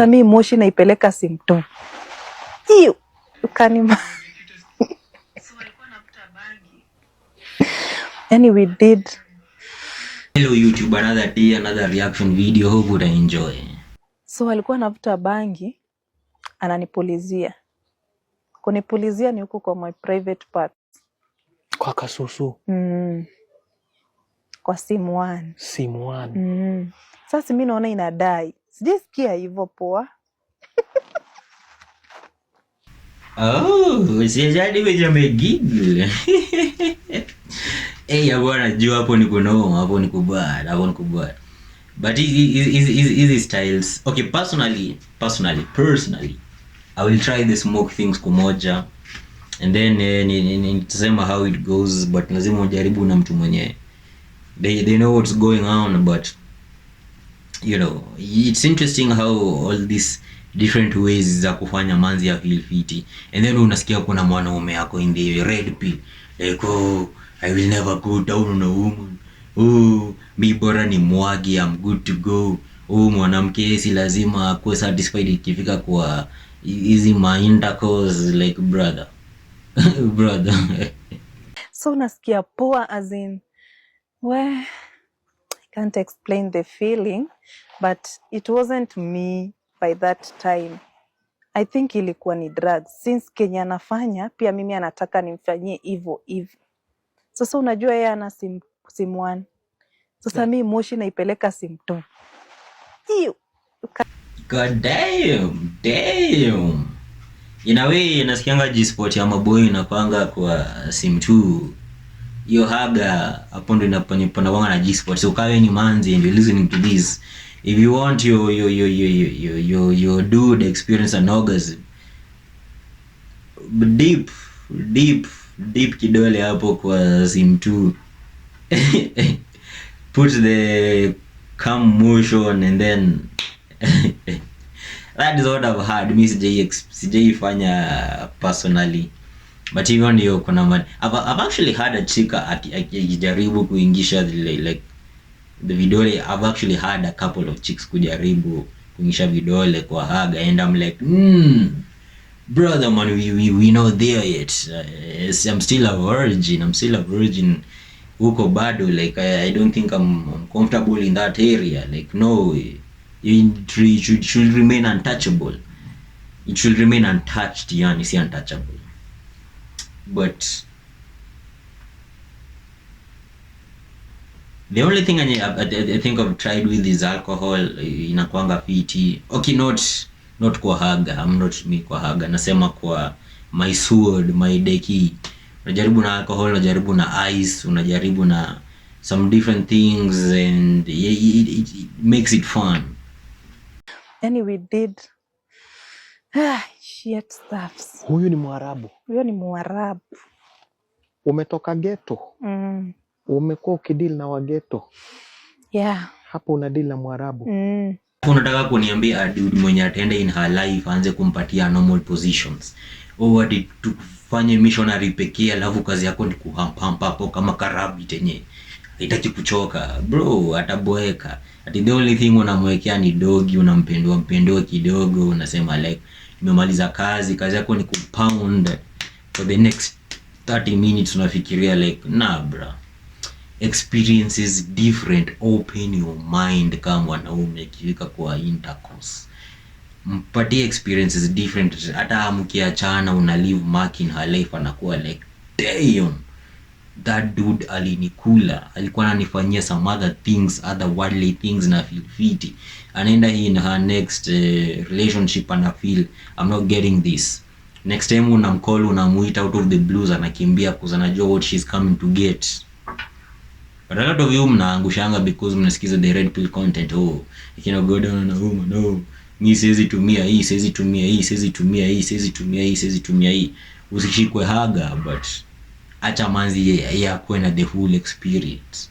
hata mi moshi naipeleka simto hiyo ukanima yani we did hello youtube another day another reaction video hope you enjoy so alikuwa anavuta bangi ananipulizia kunipulizia ni huko kwa my private part kwa kasusu mm. kwa simu one simu one mm. sasa mi naona inadai Sijasikia hivyo poa. Oh, sijadi meja megigle. Eh, hapo anajua hapo ni kuno, hapo ni kubad, hapo ni kubad. But hizi styles. Okay, personally, personally, personally. I will try the smoke things kumoja. And then eh, nitasema how it goes, but lazima ujaribu na mtu mwenyewe. They, they know what's going on, but you know it's interesting how all these different ways za kufanya manzi ya feel fit and then unasikia kuna mwanaume yako in the red pill like oh, I will never go down on a woman oh, mi bora ni mwagi I'm good to go oh, mwanamke si lazima akuwe satisfied ikifika kwa hizi ma intercourse like brother brother so unasikia poa as in we can't explain the feeling but it wasn't me by that time I think ilikuwa ni drugs. Since Kenya anafanya pia mimi anataka nimfanyie hivo hivo Sasa unajua yeye ana sim, sim one. Sasa yeah. Mi moshi naipeleka sim two. God damn, damn. nasikianga ya maboy inapanga kwa sim hiyo haga hapo ndo inaponyepona wanga na G-Sport. So kawe ni manzi and you listening to this. If you want your your your your your your, your dude experience an orgasm deep deep deep kidole hapo kwa sim 2 put the come motion and then that is what I've had. heard. Mi sijai fanya personally but hivyo ndio kuna ma I've, I've actually had a chick akijaribu kuingisha zile like the vidole I've actually had a couple of chicks kujaribu kuingisha vidole kwa haga and I'm like mm, brother man we, we, we know there yet uh, I'm still a virgin I'm still a virgin huko bado like I, I don't think I'm, I'm comfortable in that area like no it should, should remain untouchable it should remain untouched yani si untouchable but the only thing I, I, I think I've tried with is alcohol inakwanga fiti okay not not kwa haga I'm not me kwa haga nasema kwa my sword my deki unajaribu na alcohol unajaribu na ice unajaribu na some different things and it, it, it makes it fun anyway we did Ah, huyu ni Mwarabu. Huyo ni Mwarabu. Umetoka geto. Mm. Umekuwa ukidili na wageto. Yeah. Hapo una dili na Mwarabu. Mm. Unataka kuniambia a mwenye atende in her life aanze kumpatia normal positions. Oh, Au tufanye missionary pekee alafu kazi yako ni kuhampampa hapo kama karabi tenye. Haitaki kuchoka. Bro, ataboeka. Ati the only thing unamwekea ni dogi, unampendua mpendua kidogo, unasema like umemaliza kazi, kazi yako ni kupound for the next 30 minutes, unafikiria like na bra, experience is different. Open your mind kama mwanaume akifika kwa intercourse, mpatie experience is different. Hata mkiachana una leave mark in her life, anakuwa like damn that dude alinikula, alikuwa ananifanyia some other things, other worldly things na feel fit, anaenda hii in her next uh, relationship and I feel I'm not getting this. Next time unamcall unamuita out of the blues, anakimbia because anajua what she's coming to get. But a lot of you mnaangushanga because mnasikiza the red pill content. Oh, you ikina Gordon oh, na Uma, no mi siwezi tumia hii, siwezi tumia hii, siwezi tumia hii, siwezi tumia hii, siwezi tumia hii. Usishikwe haga but acha manzi yeye na the whole experience.